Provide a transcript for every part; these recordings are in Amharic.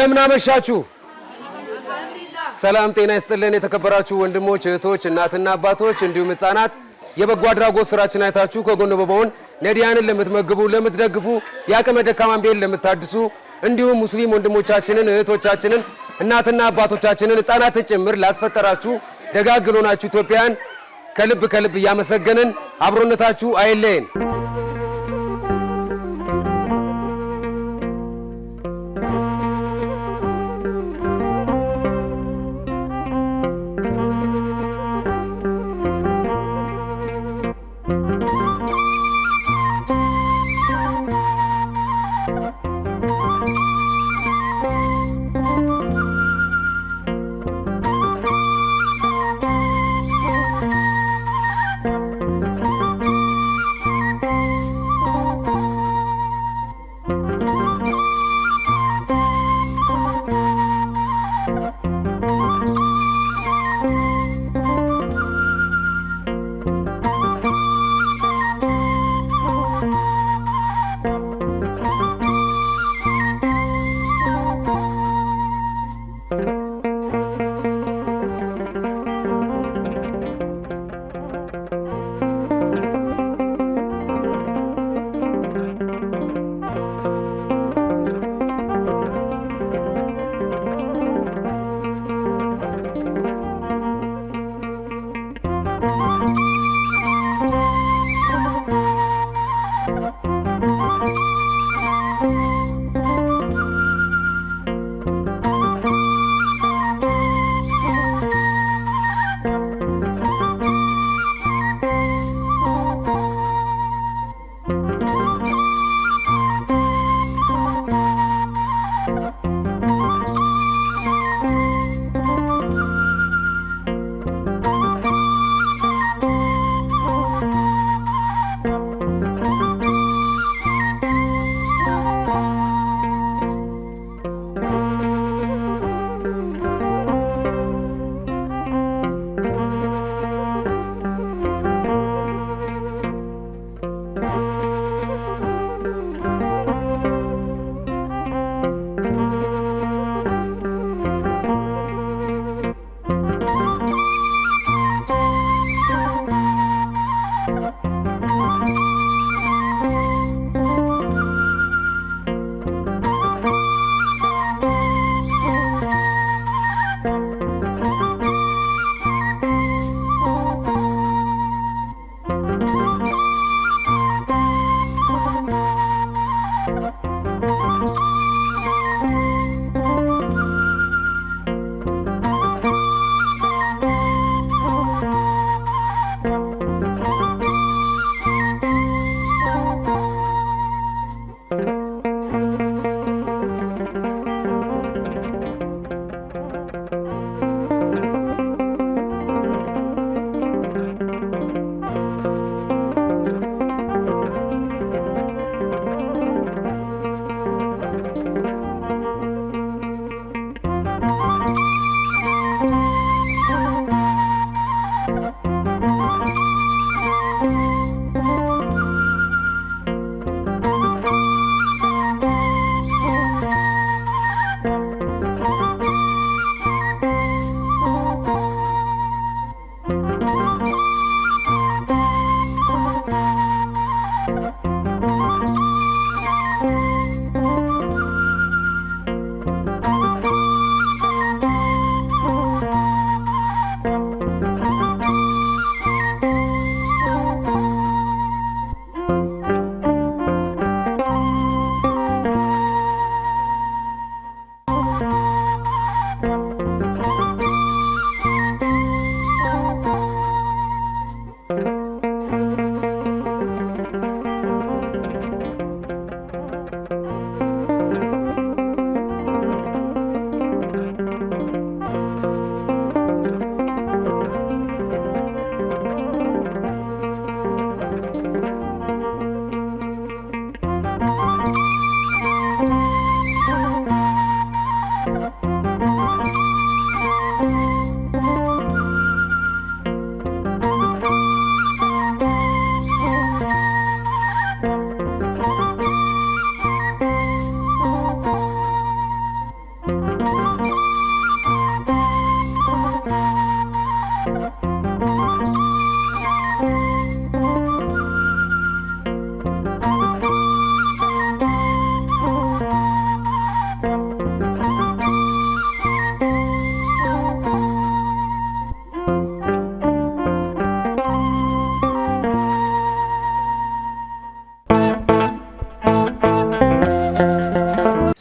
እንደምን አመሻችሁ። ሰላም ጤና ይስጥልን። የተከበራችሁ ወንድሞች እህቶች፣ እናትና አባቶች እንዲሁም ህጻናት የበጎ አድራጎት ስራችን አይታችሁ ከጎን በመሆን ነዲያንን ለምትመግቡ፣ ለምትደግፉ፣ የአቅመ ደካማን ቤት ለምታድሱ እንዲሁም ሙስሊም ወንድሞቻችንን እህቶቻችንን እናትና አባቶቻችንን ህጻናትን ጭምር ላስፈጠራችሁ ደጋግሎናችሁ ኢትዮጵያን ከልብ ከልብ እያመሰገንን አብሮነታችሁ አይለየን። Bye.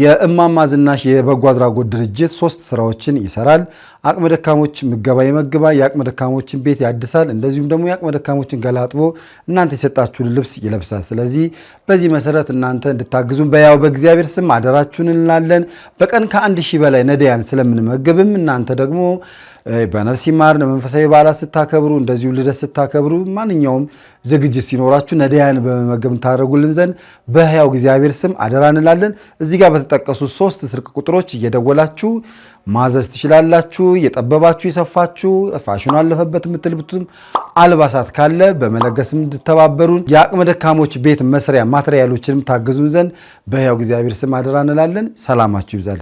የእማማ ዝናሽ የበጎ አድራጎት ድርጅት ሶስት ስራዎችን ይሰራል። አቅመ ደካሞች ምገባ ይመግባል፣ የአቅመ ደካሞችን ቤት ያድሳል፣ እንደዚሁም ደግሞ የአቅመ ደካሞችን ገላጥቦ እናንተ የሰጣችሁን ልብስ ይለብሳል። ስለዚህ በዚህ መሰረት እናንተ እንድታግዙን በያው በእግዚአብሔር ስም አደራችሁን እንላለን። በቀን ከአንድ ሺህ በላይ ነዳያን ስለምንመገብም እናንተ ደግሞ በነፍስ ይማር መንፈሳዊ በዓላት ስታከብሩ፣ እንደዚሁ ልደት ስታከብሩ፣ ማንኛውም ዝግጅት ሲኖራችሁ ነዳያን በመመገብ ታደረጉልን ዘንድ በህያው እግዚአብሔር ስም አደራ እንላለን እዚህ ጋር በተጠቀሱት ሶስት ስልክ ቁጥሮች እየደወላችሁ ማዘዝ ትችላላችሁ። እየጠበባችሁ የሰፋችሁ ፋሽኑ አለፈበት የምትልብቱም አልባሳት ካለ በመለገስ እንድተባበሩን የአቅመ ደካሞች ቤት መስሪያ ማትሪያሎችንም ታግዙን ዘንድ በሕያው እግዚአብሔር ስም አደራ እንላለን። ሰላማችሁ ይብዛለን።